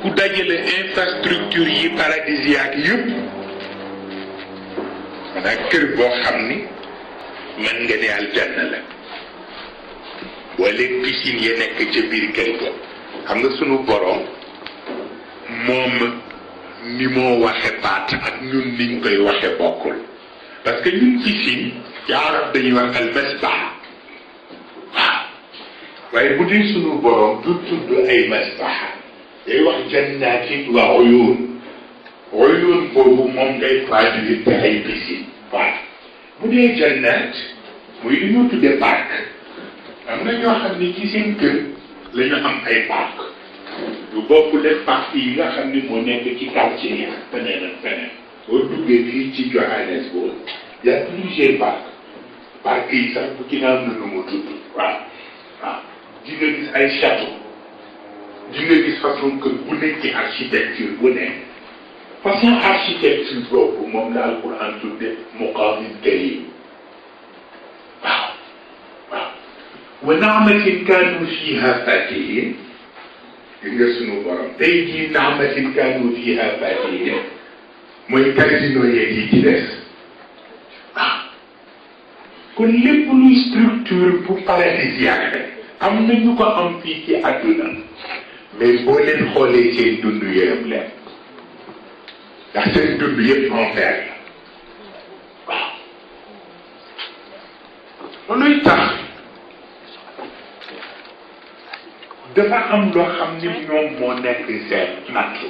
ku dajale infrastructure yi paradisiaque yëpp maanaam kër boo xam ni mën nga ne aljanna la wala piscine ya nekk ca biir kër ga xam nga sunu borom moom ni moo waxe baat ak ñun niñ koy waxe bokkul parce que ñun piscine ci arab dañuy wax al masbah waaw waaye bu dee sunu borom du tudd ay masbah day wax jannaatin wa uyuun uyuun boobu moom ngay traduire te ay piscine waaw bu dee jannaat muy li ñu tuddee parc am na ñoo xam ne ci seen kër la ñu am ay parc yu bokkul ak parc yi nga xam ne moo nekk ci quartier yi ak feneen ak feneen boo duggee fii ci Johannesburg y a plusieurs parcs parc mu tudd waaw waaw di nga gis di nga gis façon que bu nekk ci architecture bu nekk façon architecture boobu moom la alquran tudde muqaamin karim waaw waaw wa naamatin kaanu fiha fatihin di nga sunu borom tey jii naamatin kaanu fiha fatihin mooy casino yeeg yi ci des waaw kon lépp luy structure bu paradisiaque am nañu ko am fii ci àdduna mais boo leen xoolee seen dund yërëm leen ndax seen dund yëpp enfer la waaw looluy tax dafa am loo xam ni ñoom moo nekk seen nattu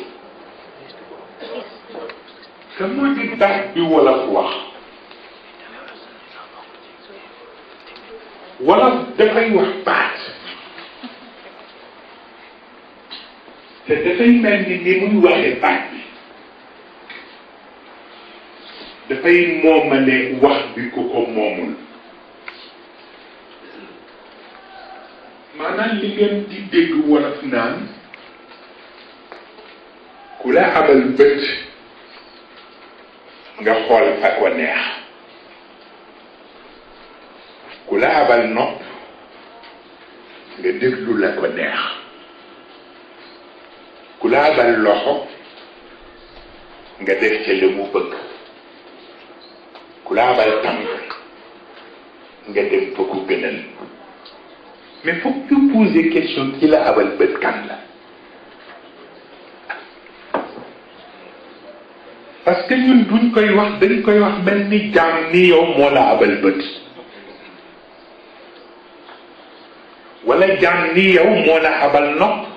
te moo di tax bi wolof wax wolof dafay wax baax te dafay mel ni ni muy waxee baat bi dafay moomale wax bi ku ko moomul maanaam li ngeen di dégg wolof naan ku la abal bët nga xool fa ko neex ku la abal nopp nga déglu la ko neex laa bal loxo nga def ca li mu bëgg ku laa bal tànk nga dem fa ko gënal mais foog nga poser question ki la abal bët kan la parce que ñun duñ koy wax dañ koy wax mel ni jaam ni yow moo la abal bët wala jaam ni yow moo la abal nopp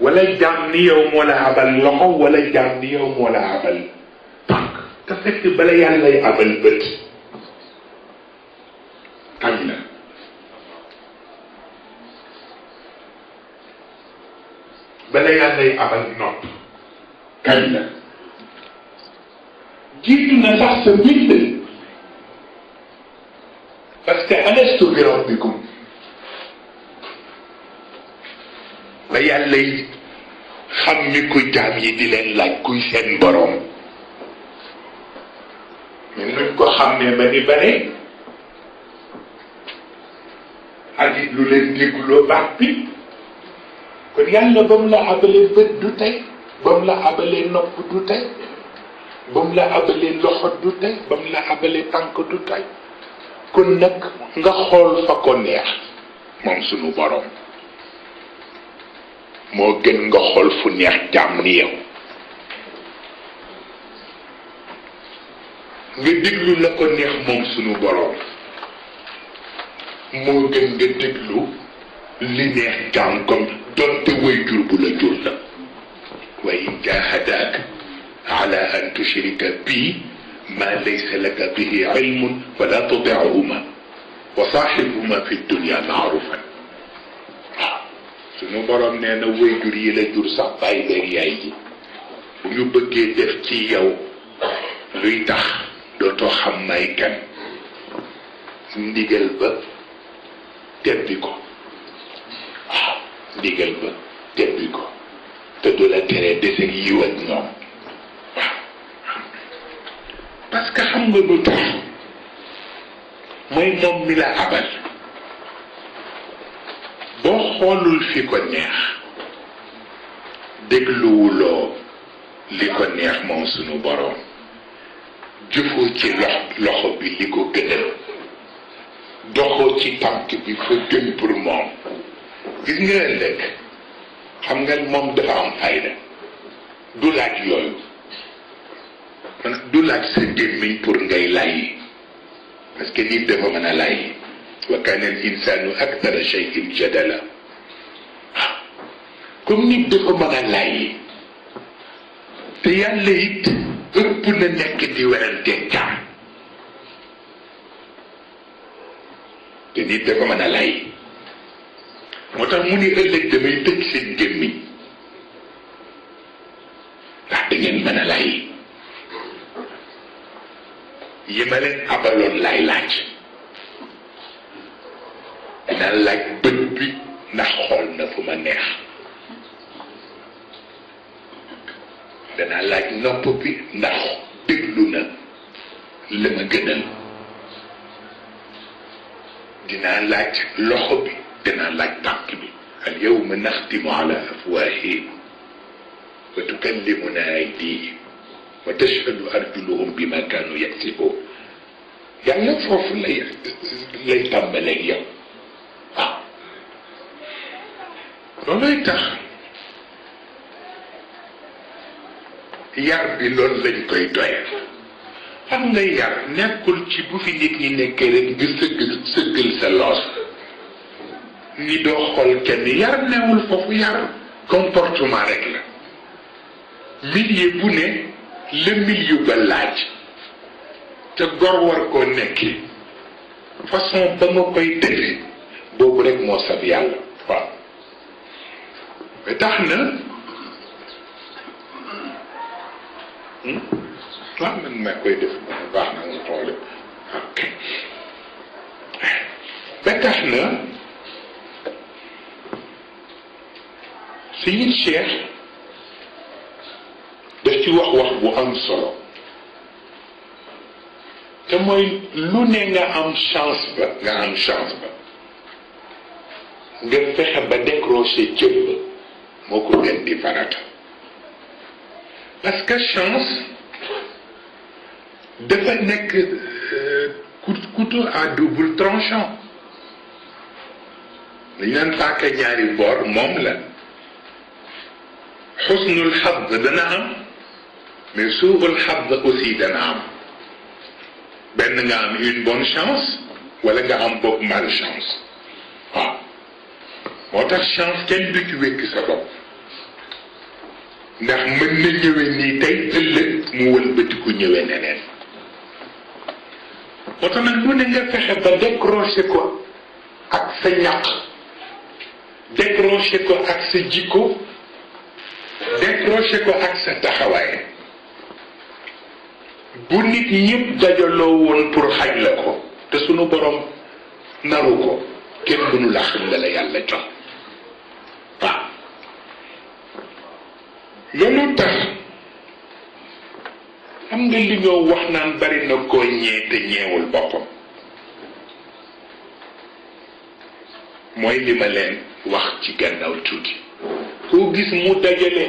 ولا جامن يوم ولا عبل لقو ولا جامن يوم ولا عبل تاك تفكت بلا يالا يعبل بت كامينا بلا يالا يعبل نوت كامينا جيت نتاح سبيت فاستحلست بربكم ba yàlla yi xam mi ku jaam yi di leen laaj kuy seen borom ñun nuñ ko xam ne ba ni bare ak it lu leen dégguloo baax bi kon yàlla ba mu la abalee bët du tey ba mu la abalee nopp du tey ba mu la abalee loxo du tey ba mu la abalee tànk du tey kon nag nga xool fa ko neex moom sunu borom mo gën nga xol fu neex jàmm ni yow nga déglu la ko neex moom sunu borom moo gën nga déglu li neex jàmm comme donte way jur bu la jur la وإن جاهداك على أن تشرك بي ما ليس لك به علم فلا تطعهما وصاحبهما في الدنيا معروفا suñu borom neena way jur yi la jur sax bay beeg yaay ji bu ñu bëggee def ci yow luy tax dootoo xam may kan ndigal ba tebbi ko waaw ndigal ba tebbi ko te du la téré dess ak ak ñoom waaw parce que xam nga lu tax mooy moom mi la abal xoolul fi ko neex dégluwuloo li ko neex moom sunu boroom jëfoo ci loxo bi li ko gënal doxoo ci tànk bi fa gën pour moom gis nga ëllëg xam nga moom dafa am fayda du laaj yooyu du laaj sa gémmiñ pour ngay lay parce que nit dafa mën a lay wa kaana al insaanu akthara shay'in jadala comme nit dafa mën a lay te yàlla it ëpp na nekk di werante car te nit dafa mën a lay moo tax mu ni ëllëg damay tëj seen gémmiñ ndax da ngeen a lay yi ma abaloon laay laaj dinaa laaj bët bi ndax xool na fu ma neex danaa laaj nopp bi ndax déglu na li ma gënal dinaa laaj loxo bi dinaa laaj tànk bi al yawma naxtimu ala afwahihim wa tukallimuna aydihim wa tashhadu arjuluhum bima kaanu yaksibuun yàlla foofu lay lay tàmbaleeg yow waaw looloy tax yar bi lool lañ koy doye xam nga yar nekkul ci bu fi nit ñi nekkee rek nga sëgg sëggal sa loos ni doo xool kenn yar newul foofu yar comportement rek la milieu bu ne la milieu ba laaj te gor war koo nekkee façon ba nga koy defee boobu rek moo sab yàlla tax na waaw hmm? man maa koy def baax na ñu xool ok ba tax na Sëriñ Cheikh daf ci wax wax bu am solo te mooy lu ne nga am chance ba nga am chance ba nga fexe ba décrocher cër ba moo ko gën di farata parce que chance dafa nekk couteau à double tranchant dañ leen fàkk ñaari boor moom la xusnul xab dana am mais suuxul xab aussi dana am benn nga am une bonne chance wala nga am boog malchance waaw moo tax chance kenn du ci wékk sa bopp ndax mën na ñëwe nii tey ëllëg mu wëlbati ko ñëwe neneen oto nag lu ne nga fexe ba décrocher ko ak sa ñaq décrocher ko ak sa jikko décrocher ko ak sa taxawaay bu nit ñëpp dajaloo woon pour xañ la ko te sunu borom naru ko kenn mënu la xam nga la yàlla jox looloo tax am nga li ñoo wax naan bari na koo ñee te ñeewul boppam mooy li leen wax ci gannaaw tuuti koo gis mu dajale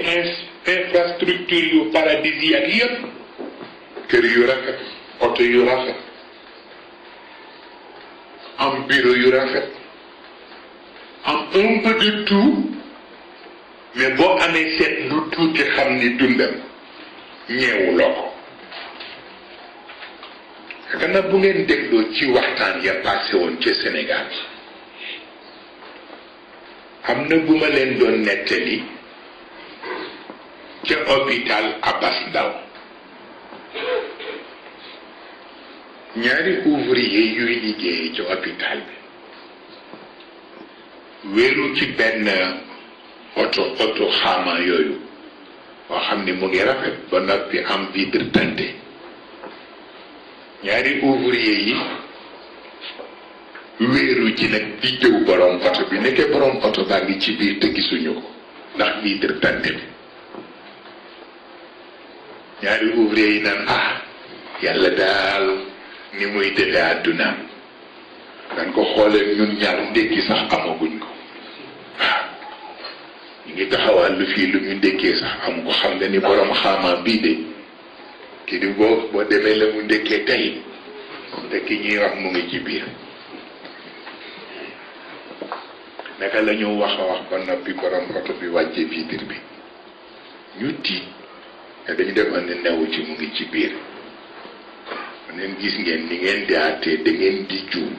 infrastructure yu paradisiaque yépp kër yu rafet oto yu rafet am bureau yu rafet am un peu de mais boo amee seet lu tuuti xam ni dundam ñeewuloo ko yaakaar naa bu ngeen dégloo ci waxtaan ya passé woon ci Sénégal am na bu ma leen doon nettali ca hôpital Abass Ndao ñaari ouvrier yuy liggéeye ca hôpital bi wéeru ci benn oto oto xaama yooyu boo xam ni mu ngi rafet ba noppi am vitre teintée ñaari ouvrier yi wéeru ji nag di jëw borom oto bi nekkee borom oto baa ngi ci biir te gisuñu ko ndax vitre teintée bi ñaari ouvrier yi naan ah yàlla daal ni muy dëdde àdduna dañ ko xoolee ñun ñaar ndékki sax amaguñ ngi taxawal lu fii lu ñu ndékkee sax am ko xam ne ni borom xaamaam bii de kii di boo boo demee la mu ndékkee tey te ki ñuy wax mu ngi ci biir naka la ñu wax a wax ba noppi borom oto bi wàccee vitre bi ñu tiit te dañu defoon ne newu ci mu ngi ci biir mu neen gis ngeen ni ngeen di àttee da ngeen di juum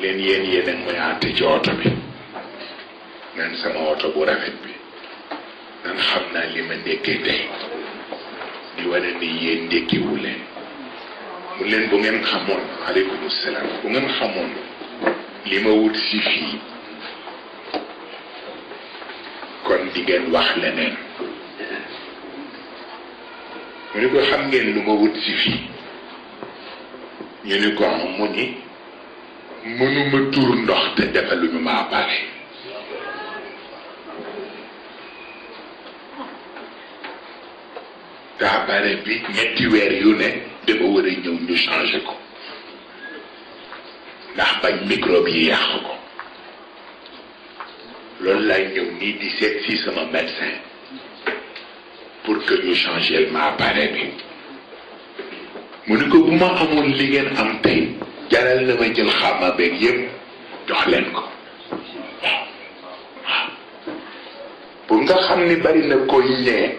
leen yéen yéen ak mooy àtte ci oto bi naan sama oto bu rafet bi naan xam naa li ma ndékkee tey di wane ni yéen ndékkiwu leen mu leen bu ngeen xamoon aleykum salaam bu ngeen xamoon li ma wut si fii kon di ngeen wax leneen ñu ni ko xam ngeen lu ma wut si fii ñu ni ko am mu ni mënuma tur ndox te defaluñu ma pare taxabaare bi ñetti weer yu ne dafa war a ñëw ñu changé ko ndax bañ microbe yi yàq ko loolu laay ñëw nii di seet si sama médecin pour que ñu changé ma appareil bi mu ni ko bu ma amoon li ngeen am tey jaral na ma jël xaama beeg yépp jox leen ko waaw waaw pour nga xam ni bari na koy ñee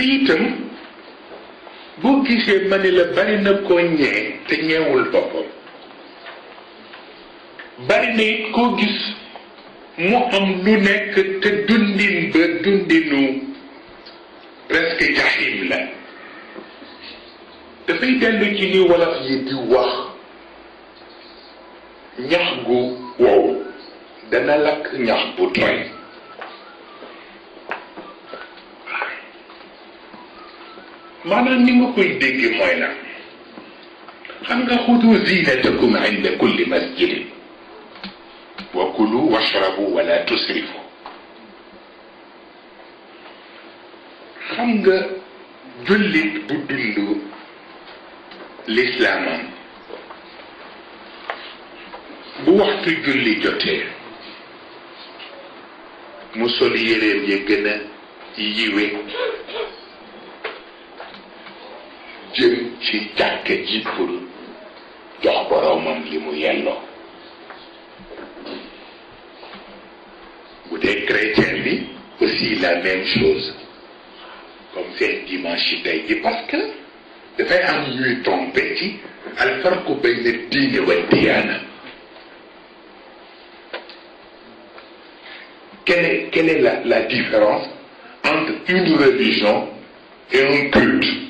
te itam boo gisee ma ni la bari na koo ñee te ñeewul boppam bari na it koo gis mu am lu nekk te dundin ba dundinu presque jaxim la dafay dellu ci ni wolof yi di wax ñax gu wow dana lakk ñax bu doy maanaam ni nga koy dégg mooy la xam nga xudu zinatakum inda kulli masjidin wa kulu washrabu wala tusrifu xam nga jullit bu dund lislaamam bu waxtu julli jotee mu sol yéreem ya gën a yiwe jël ci jàkka ji pour jox boroomam li mu yelloo bu dee chrétien aussi la même chose comme seen dimanche yi tey ji parce que dafay am ñuy trompé ci alfarqu bayna diine wa diyaana quelle est quelle est la différence entre une religion et un culte